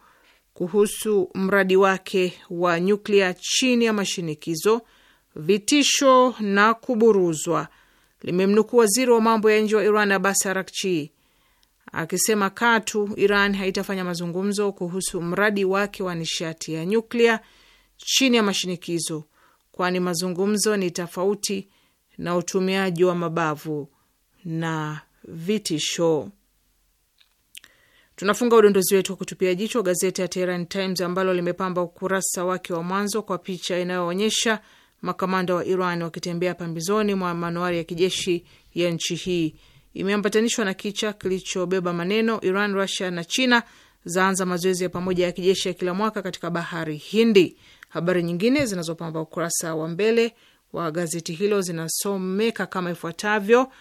[SPEAKER 3] kuhusu mradi wake wa nyuklia chini ya mashinikizo, vitisho na kuburuzwa, limemnukuu waziri wa mambo ya nje wa Iran Abbas arakchi akisema katu Iran haitafanya mazungumzo kuhusu mradi wake wa nishati ya nyuklia chini ya mashinikizo, kwani mazungumzo ni tofauti na utumiaji wa mabavu na vitisho. Tunafunga udondozi wetu wa kutupia jicho gazeti ya Tehran Times ambalo limepamba ukurasa wake wa mwanzo kwa picha inayoonyesha makamanda wa Iran wakitembea pambizoni mwa manuari ya kijeshi ya nchi hii. Imeambatanishwa na kicha kilichobeba maneno Iran, Russia na China zaanza mazoezi ya pamoja ya kijeshi ya kila mwaka katika bahari Hindi. Habari nyingine zinazopamba ukurasa wa mbele wa gazeti hilo zinasomeka kama ifuatavyo: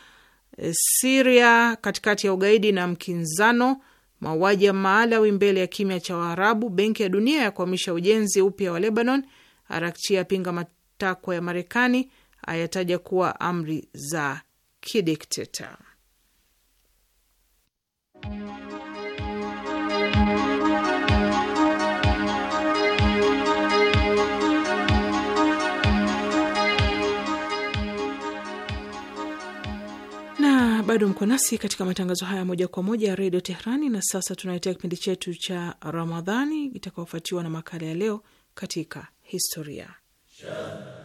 [SPEAKER 3] Siria katikati ya ugaidi na mkinzano mauaji ya Maalawi mbele ya kimya cha Waarabu, Benki ya Dunia ya ujenzi upya wa Lebanon, Arakchi yapinga matakwa ya Marekani, ayataja kuwa amri za kidikteta. bado mko nasi katika matangazo haya moja kwa moja ya redio Teherani. Na sasa tunaletea kipindi chetu cha Ramadhani itakaofuatiwa na makala ya leo katika historia Shana.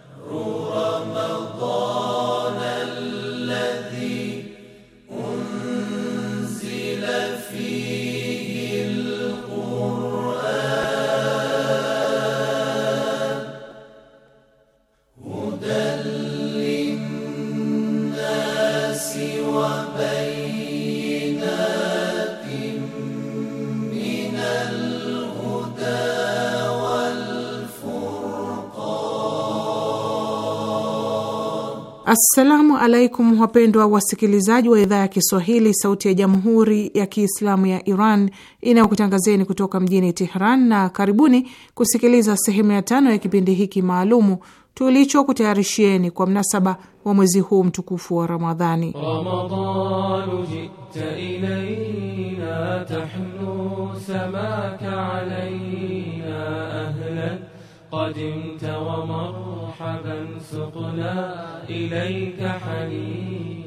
[SPEAKER 3] Assalamu alaikum, wapendwa wasikilizaji wa idhaa ya Kiswahili, sauti ya jamhuri ya kiislamu ya Iran inayokutangazeni kutoka mjini Tehran, na karibuni kusikiliza sehemu ya tano ya kipindi hiki maalumu tulichokutayarishieni kwa mnasaba wa mwezi huu mtukufu wa Ramadhani. Ramadhanu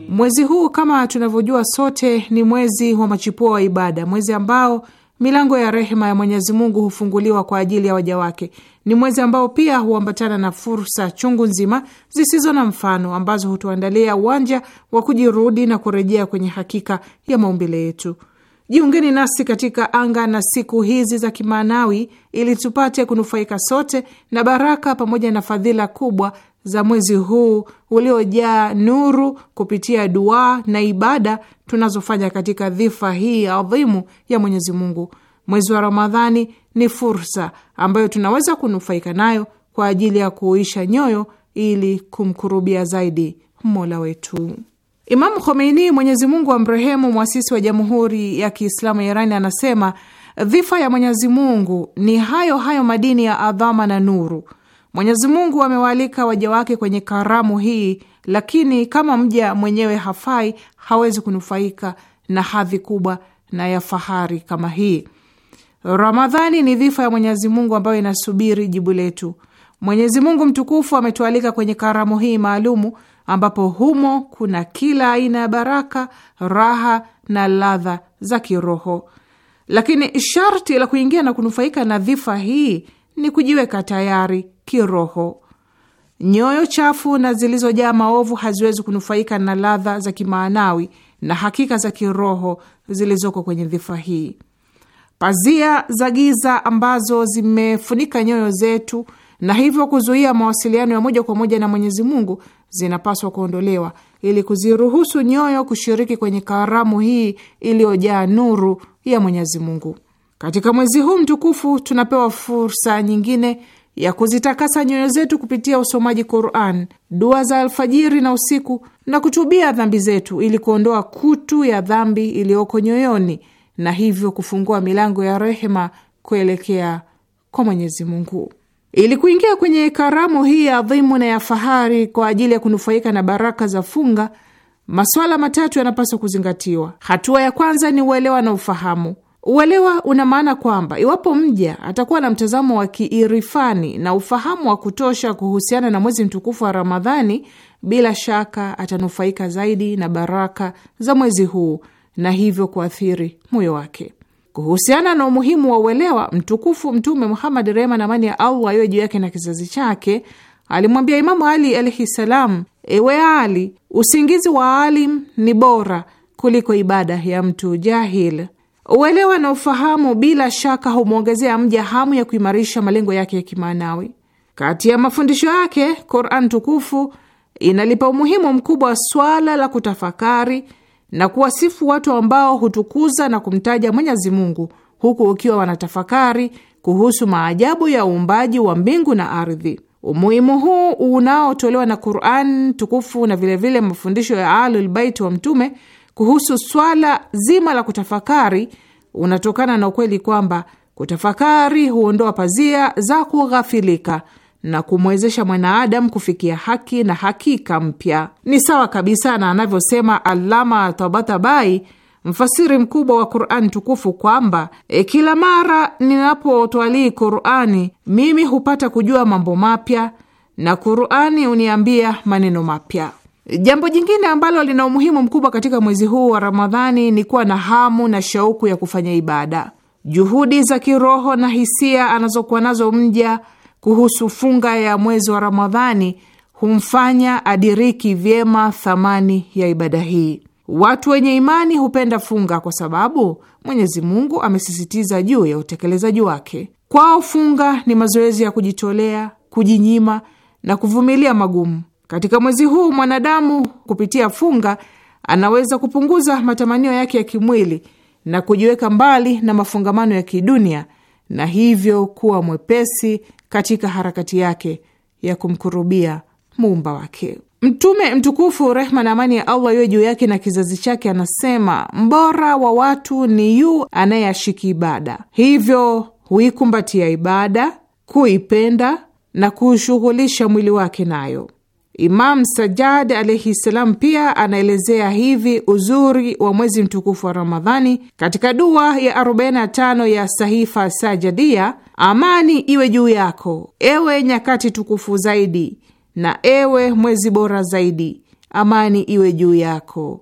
[SPEAKER 3] Mwezi huu kama tunavyojua sote ni mwezi wa machipuo wa ibada, mwezi ambao milango ya rehema ya Mwenyezi Mungu hufunguliwa kwa ajili ya waja wake. Ni mwezi ambao pia huambatana na fursa chungu nzima zisizo na mfano ambazo hutuandalia uwanja wa kujirudi na kurejea kwenye hakika ya maumbile yetu. Jiungeni nasi katika anga na siku hizi za kimaanawi ili tupate kunufaika sote na baraka pamoja na fadhila kubwa za mwezi huu uliojaa nuru kupitia duaa na ibada tunazofanya katika dhifa hii adhimu ya Mwenyezi Mungu. Mwezi wa Ramadhani ni fursa ambayo tunaweza kunufaika nayo kwa ajili ya kuuisha nyoyo ili kumkurubia zaidi Mola wetu. Imamu Khomeini, Mwenyezi Mungu amrehemu, mwasisi wa Jamhuri ya Kiislamu ya Irani, anasema dhifa ya Mwenyezi Mungu ni hayo hayo madini ya adhama na nuru. Mwenyezi Mungu amewaalika waja wake kwenye karamu hii, lakini kama mja mwenyewe hafai, hawezi kunufaika na hadhi kubwa na ya fahari kama hii. Ramadhani ni dhifa ya Mwenyezi Mungu ambayo inasubiri jibu letu. Mwenyezi Mungu mtukufu ametualika kwenye karamu hii maalumu ambapo humo kuna kila aina ya baraka, raha na ladha za kiroho. Lakini sharti la kuingia na kunufaika na dhifa hii ni kujiweka tayari kiroho. Nyoyo chafu na zilizojaa maovu haziwezi kunufaika na ladha za kimaanawi na hakika za kiroho zilizoko kwenye dhifa hii. Pazia za giza ambazo zimefunika nyoyo zetu na hivyo kuzuia mawasiliano ya moja kwa moja na Mwenyezi Mungu zinapaswa kuondolewa ili kuziruhusu nyoyo kushiriki kwenye karamu hii iliyojaa nuru ya Mwenyezi Mungu. Katika mwezi huu mtukufu tunapewa fursa nyingine ya kuzitakasa nyoyo zetu kupitia usomaji Quran, dua za alfajiri na usiku, na kutubia dhambi zetu ili kuondoa kutu ya dhambi iliyoko nyoyoni na hivyo kufungua milango ya rehema kuelekea kwa Mwenyezi Mungu. Ili kuingia kwenye karamu hii adhimu na ya fahari kwa ajili ya kunufaika na baraka za funga, masuala matatu yanapaswa kuzingatiwa. Hatua ya kwanza ni uelewa na ufahamu. Uelewa una maana kwamba iwapo mja atakuwa na mtazamo wa kiirifani na ufahamu wa kutosha kuhusiana na mwezi mtukufu wa Ramadhani, bila shaka atanufaika zaidi na baraka za mwezi huu na hivyo kuathiri moyo wake. Kuhusiana na umuhimu wa uelewa, mtukufu Mtume Muhammad, rehma na amani ya Allah iwe juu yake na kizazi chake, alimwambia Imamu Ali alaihi salam, ewe Ali, usingizi wa alim ni bora kuliko ibada ya mtu jahil. Uelewa na ufahamu bila shaka humwongezea mja hamu ya kuimarisha malengo yake ya kimaanawi. Kati ya mafundisho yake, Quran tukufu inalipa umuhimu mkubwa swala la kutafakari na kuwasifu watu ambao hutukuza na kumtaja Mwenyezi Mungu huku ukiwa wanatafakari kuhusu maajabu ya uumbaji wa mbingu na ardhi. Umuhimu huu unaotolewa na Quran tukufu na vilevile vile mafundisho ya bait wa Mtume kuhusu swala zima la kutafakari unatokana na ukweli kwamba kutafakari huondoa pazia za kughafilika na kumwezesha mwanaadamu kufikia haki na hakika mpya. Ni sawa kabisa na anavyosema Allama Tabatabai, mfasiri mkubwa wa Qurani tukufu kwamba e, kila mara ninapotwalii Qurani mimi hupata kujua mambo mapya na Qurani huniambia maneno mapya. Jambo jingine ambalo lina umuhimu mkubwa katika mwezi huu wa Ramadhani ni kuwa na hamu na shauku ya kufanya ibada. Juhudi za kiroho na hisia anazokuwa nazo mja kuhusu funga ya mwezi wa Ramadhani humfanya adiriki vyema thamani ya ibada hii. Watu wenye imani hupenda funga kwa sababu Mwenyezi Mungu amesisitiza juu ya utekelezaji wake. Kwao funga ni mazoezi ya kujitolea, kujinyima na kuvumilia magumu. Katika mwezi huu mwanadamu kupitia funga anaweza kupunguza matamanio yake ya kimwili na kujiweka mbali na mafungamano ya kidunia na hivyo kuwa mwepesi katika harakati yake ya kumkurubia muumba wake. Mtume mtukufu, rehma na amani ya Allah iwe juu yake na kizazi chake, anasema mbora wa watu ni yu anayeashiki ibada, hivyo huikumbatia ibada, kuipenda na kuushughulisha mwili wake nayo. Imam Sajjad alaihi ssalam pia anaelezea hivi uzuri wa mwezi mtukufu wa Ramadhani katika dua ya 45 ya Sahifa Sajadia: amani iwe juu yako, ewe nyakati tukufu zaidi, na ewe mwezi bora zaidi, amani iwe juu yako,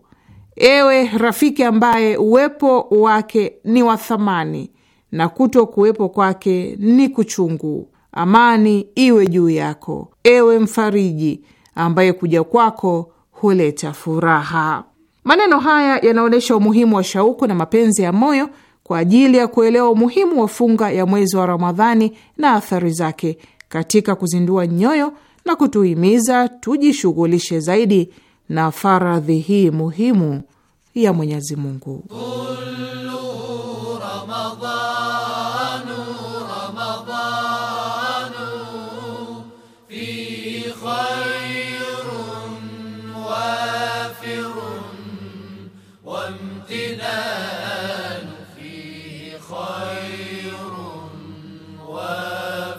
[SPEAKER 3] ewe rafiki ambaye uwepo wake ni wa thamani na kuto kuwepo kwake ni kuchungu, amani iwe juu yako, ewe mfariji ambaye kuja kwako huleta furaha. Maneno haya yanaonyesha umuhimu wa shauku na mapenzi ya moyo kwa ajili ya kuelewa umuhimu wa funga ya mwezi wa Ramadhani na athari zake katika kuzindua nyoyo na kutuhimiza tujishughulishe zaidi na faradhi hii muhimu ya Mwenyezi Mungu.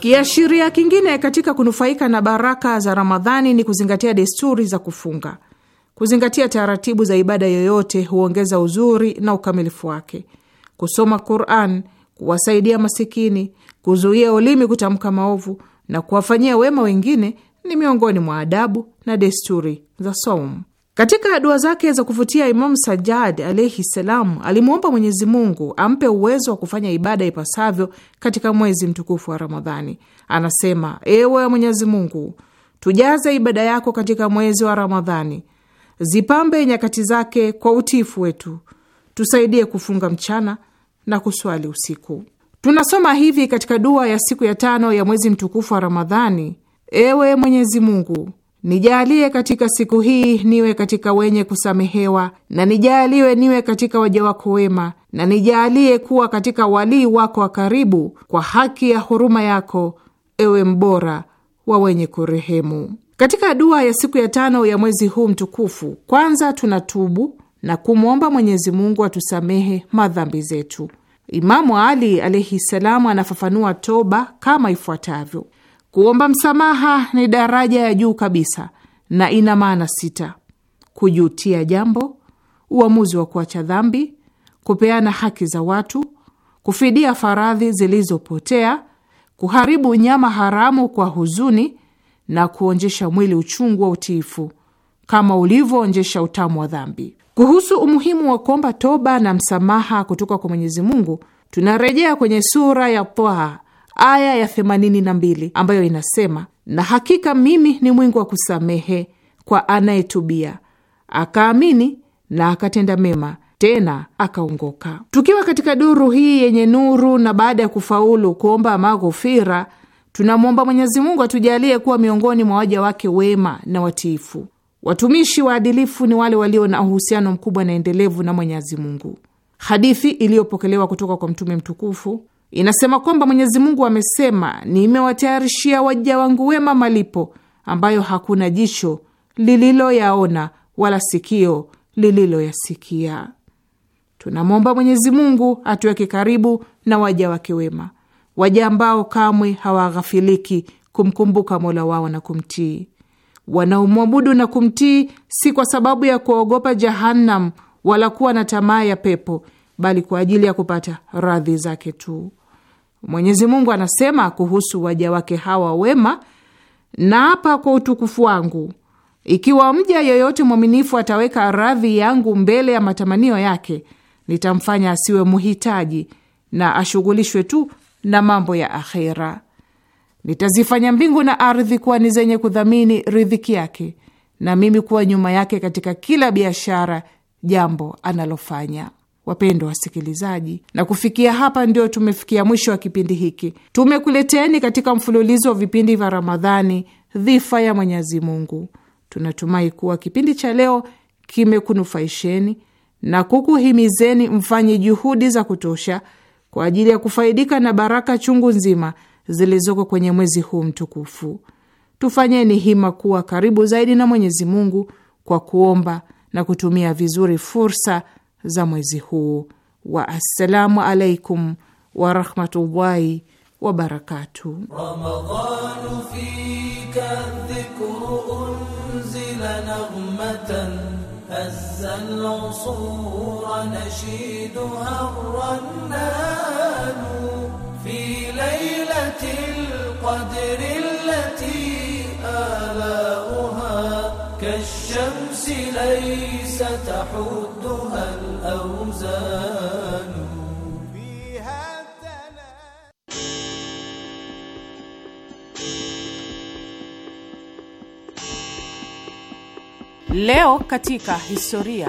[SPEAKER 3] Kiashiria kingine katika kunufaika na baraka za Ramadhani ni kuzingatia desturi za kufunga. Kuzingatia taratibu za ibada yoyote huongeza uzuri na ukamilifu wake. Kusoma Quran, kuwasaidia masikini, kuzuia ulimi kutamka maovu na kuwafanyia wema wengine ni miongoni mwa adabu na desturi za saumu. Katika dua zake za kuvutia Imamu Sajad alaihi salam alimwomba Mwenyezi Mungu ampe uwezo wa kufanya ibada ipasavyo katika mwezi mtukufu wa Ramadhani. Anasema: ewe Mwenyezi Mungu, tujaze ibada yako katika mwezi wa Ramadhani, zipambe nyakati zake kwa utiifu wetu, tusaidie kufunga mchana na kuswali usiku. Tunasoma hivi katika dua ya siku ya tano ya mwezi mtukufu wa Ramadhani: ewe Mwenyezi Mungu, nijaalie katika siku hii niwe katika wenye kusamehewa, na nijaaliwe niwe katika waja wako wema, na nijaalie kuwa katika walii wako wa karibu, kwa haki ya huruma yako, ewe mbora wa wenye kurehemu. Katika dua ya siku ya tano ya mwezi huu mtukufu, kwanza tunatubu na kumwomba Mwenyezi Mungu atusamehe madhambi zetu. Imamu Ali alaihi salamu anafafanua toba kama ifuatavyo: Kuomba msamaha ni daraja ya juu kabisa na ina maana sita: kujutia jambo, uamuzi wa kuacha dhambi, kupeana haki za watu, kufidia faradhi zilizopotea, kuharibu nyama haramu kwa huzuni na kuonjesha mwili uchungu wa utiifu kama ulivyoonjesha utamu wa dhambi. Kuhusu umuhimu wa kuomba toba na msamaha kutoka kwa Mwenyezi Mungu, tunarejea kwenye sura ya Twaha aya ya 82 ambayo inasema, na hakika mimi ni mwingi wa kusamehe kwa anayetubia akaamini na akatenda mema tena akaongoka. Tukiwa katika duru hii yenye nuru na baada ya kufaulu kuomba maghofira, tunamwomba Mwenyezi Mungu atujalie kuwa miongoni mwa waja wake wema na watiifu. Watumishi waadilifu ni wale walio na uhusiano mkubwa na endelevu na Mwenyezi Mungu. Hadithi iliyopokelewa kutoka kwa Mtume mtukufu inasema kwamba Mwenyezi Mungu amesema, nimewatayarishia waja wangu wema malipo ambayo hakuna jicho lililoyaona wala sikio lililoyasikia. Tunamwomba Mwenyezi Mungu atuweke karibu na waja wake wema, waja ambao kamwe hawaghafiliki kumkumbuka mola wao na kumtii, wanaomwabudu na kumtii si kwa sababu ya kuogopa Jahannam wala kuwa na tamaa ya pepo, bali kwa ajili ya kupata radhi zake tu. Mwenyezi Mungu anasema kuhusu waja wake hawa wema, naapa kwa utukufu wangu, ikiwa mja yeyote mwaminifu ataweka radhi yangu mbele ya matamanio yake, nitamfanya asiwe muhitaji na ashughulishwe tu na mambo ya akhera. Nitazifanya mbingu na ardhi kuwa ni zenye kudhamini ridhiki yake, na mimi kuwa nyuma yake katika kila biashara, jambo analofanya. Wapendwa wasikilizaji, na kufikia hapa ndio tumefikia mwisho wa kipindi hiki. Tumekuleteni katika mfululizo wa vipindi vya Ramadhani, dhifa ya Mwenyezi Mungu. Tunatumai kuwa kipindi cha leo kimekunufaisheni na kukuhimizeni mfanye juhudi za kutosha kwa ajili ya kufaidika na baraka chungu nzima zilizoko kwenye mwezi huu mtukufu. Tufanyeni hima kuwa karibu zaidi na Mwenyezi Mungu kwa kuomba na kutumia vizuri fursa za mwezi huu wa assalamu alaikum warahmatullahi wabarakatu.
[SPEAKER 2] الشمس ليس تحدها الأوزان
[SPEAKER 3] Leo katika historia.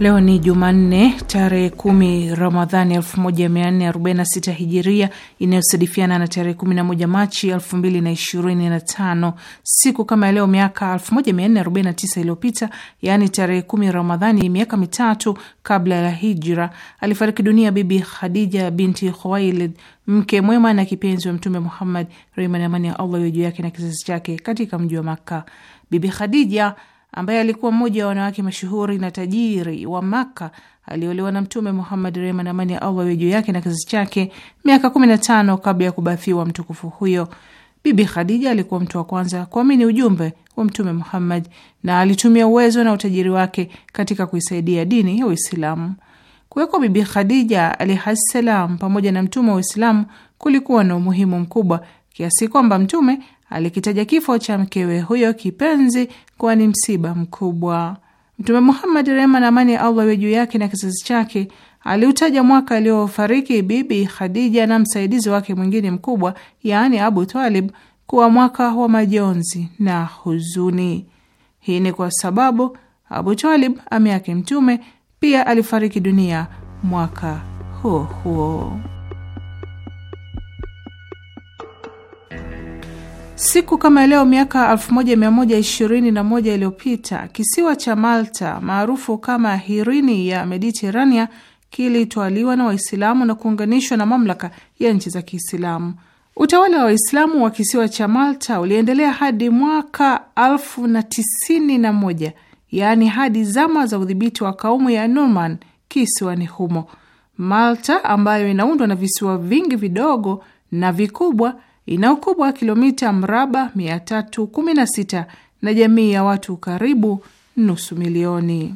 [SPEAKER 3] Leo ni Jumanne tarehe kumi Ramadhani 1446 Hijiria inayosadifiana na tarehe 11 Machi 2025. Siku kama leo miaka 1449 iliyopita, yaani tarehe kumi Ramadhani, miaka mitatu kabla ya Hijra, alifariki dunia Bibi Khadija binti Khuwailid, mke mwema na kipenzi wa Mtume Muhammad, rehma na amani ya Allah iwe juu yake na kizazi chake, katika mji wa Makka. Bibi Khadija ambaye alikuwa mmoja wa wanawake mashuhuri na tajiri wa Maka. Aliolewa na Mtume Muhammad, rehma na amani ya Allah iwe juu yake na kizazi chake, miaka 15 kabla ya kubathiwa mtukufu huyo. Bibi Khadija alikuwa mtu wa kwanza kuamini ujumbe wa Mtume Muhammad na alitumia uwezo na utajiri wake katika kuisaidia dini ya Uislamu. Kuwekwa Bibi Khadija alaihis salam pamoja na mtume wa Uislamu kulikuwa na umuhimu mkubwa kiasi kwamba mtume alikitaja kifo cha mkewe huyo kipenzi kuwa ni msiba mkubwa. Mtume Muhammad, rehma na amani ya Allah we juu yake na kizazi chake, aliutaja mwaka aliofariki Bibi Khadija na msaidizi wake mwingine mkubwa, yaani Abu Talib, kuwa mwaka wa majonzi na huzuni. Hii ni kwa sababu Abu Talib ami yake Mtume pia alifariki dunia mwaka huo huo. Siku kama leo miaka 1121 iliyopita kisiwa cha Malta maarufu kama Hirini ya Mediterania kilitwaliwa na Waislamu na kuunganishwa na mamlaka ya nchi za Kiislamu. Utawala wa Waislamu wa kisiwa cha Malta uliendelea hadi mwaka 1091, yaani hadi zama za udhibiti wa kaumu ya Norman kisiwani humo. Malta ambayo inaundwa na visiwa vingi vidogo na vikubwa ina ukubwa wa kilomita mraba 316 na jamii ya watu karibu nusu milioni.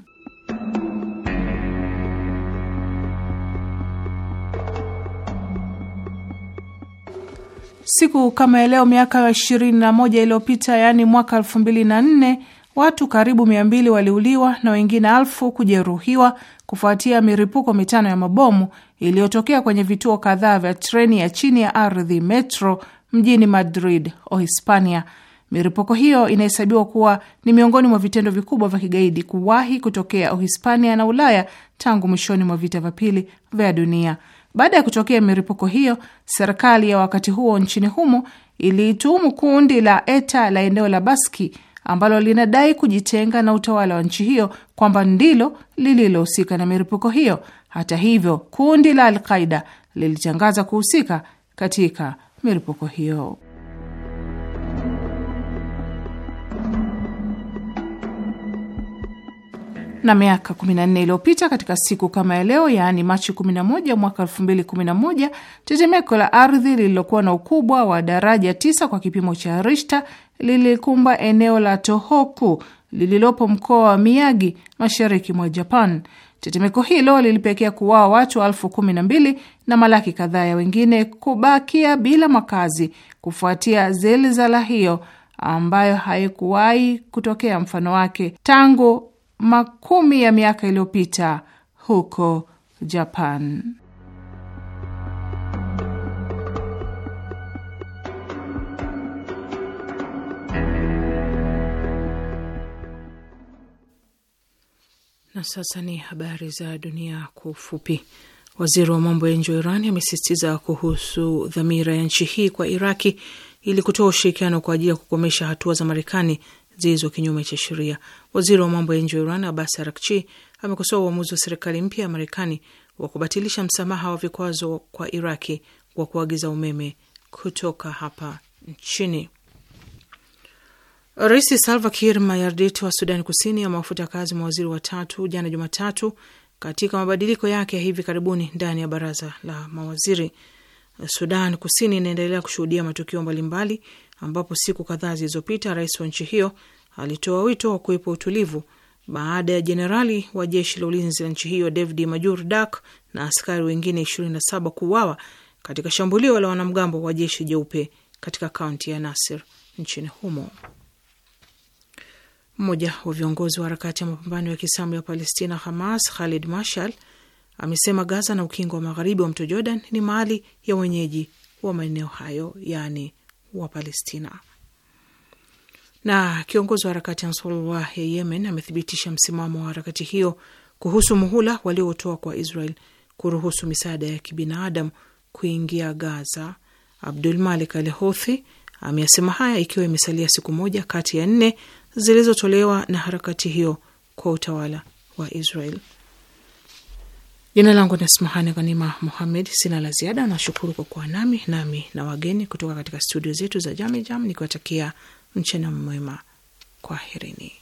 [SPEAKER 3] Siku kama leo miaka 21 iliyopita, yaani mwaka 2004, watu karibu 200 waliuliwa na wengine alfu kujeruhiwa kufuatia miripuko mitano ya mabomu iliyotokea kwenye vituo kadhaa vya treni ya chini ya ardhi metro mjini Madrid, Uhispania. Milipuko hiyo inahesabiwa kuwa ni miongoni mwa vitendo vikubwa vya kigaidi kuwahi kutokea Uhispania na Ulaya tangu mwishoni mwa vita vya pili vya dunia. Baada ya kutokea milipuko hiyo, serikali ya wakati huo nchini humo iliituhumu kundi la ETA la eneo la Baski ambalo linadai kujitenga na utawala wa nchi hiyo kwamba ndilo lililohusika na milipuko hiyo. Hata hivyo, kundi la Alqaida lilitangaza kuhusika katika milipuko hiyo. na miaka 14 iliyopita katika siku kama ya leo, yaani Machi 11 mwaka 2011, tetemeko la ardhi lililokuwa na ukubwa wa daraja tisa kwa kipimo cha rishta lilikumba eneo la Tohoku lililopo mkoa wa Miyagi mashariki mwa Japan. Tetemeko hilo lilipelekea kuwaa watu elfu kumi na mbili na malaki kadhaa ya wengine kubakia bila makazi kufuatia zelzala hiyo ambayo haikuwahi kutokea mfano wake tangu makumi ya miaka iliyopita huko Japan. Na sasa ni habari za dunia kwa ufupi. Waziri wa mambo ya nje wa Iran amesisitiza kuhusu dhamira ya nchi hii kwa Iraki ili kutoa ushirikiano kwa ajili ya kukomesha hatua za Marekani zilizo kinyume cha sheria. Waziri wa mambo ya nje wa Iran Abbas Arakchi amekosoa uamuzi wa serikali mpya ya Marekani wa kubatilisha msamaha wa vikwazo kwa Iraki wa kuagiza umeme kutoka hapa nchini. Rais Salva Kiir Mayardit wa Sudani Kusini amewafuta kazi mawaziri watatu jana Jumatatu, katika mabadiliko yake ya hivi karibuni ndani ya baraza la mawaziri. Sudan Kusini inaendelea kushuhudia matukio mbalimbali, ambapo siku kadhaa zilizopita rais wa nchi hiyo alitoa wito wa kuwepo utulivu baada ya jenerali wa jeshi la ulinzi la nchi hiyo David majur Dak na askari wengine 27 kuuawa katika shambulio la wanamgambo wa jeshi jeupe katika kaunti ya Nasir nchini humo. Mmoja wa viongozi wa harakati ya mapambano ya Kiislamu ya Palestina, Hamas, Khalid Mashal, amesema Gaza na ukingo wa magharibi wa mto Jordan ni mali ya wenyeji wa maeneo hayo, yaani wa Palestina. Na kiongozi wa harakati Ansarullah ya Yemen amethibitisha msimamo wa harakati hiyo kuhusu muhula waliotoa kwa Israel kuruhusu misaada ya kibinadamu kuingia Gaza. Abdul Malik Al Houthi ameyasema haya ikiwa imesalia siku moja kati ya nne zilizotolewa na harakati hiyo kwa utawala wa Israel. Jina langu ni Asmahani Ghanima Muhammed. Sina la ziada, nashukuru kwa kuwa nami nami na wageni kutoka katika studio zetu za jamijam Jam, nikiwatakia mchana mwema. Kwaherini.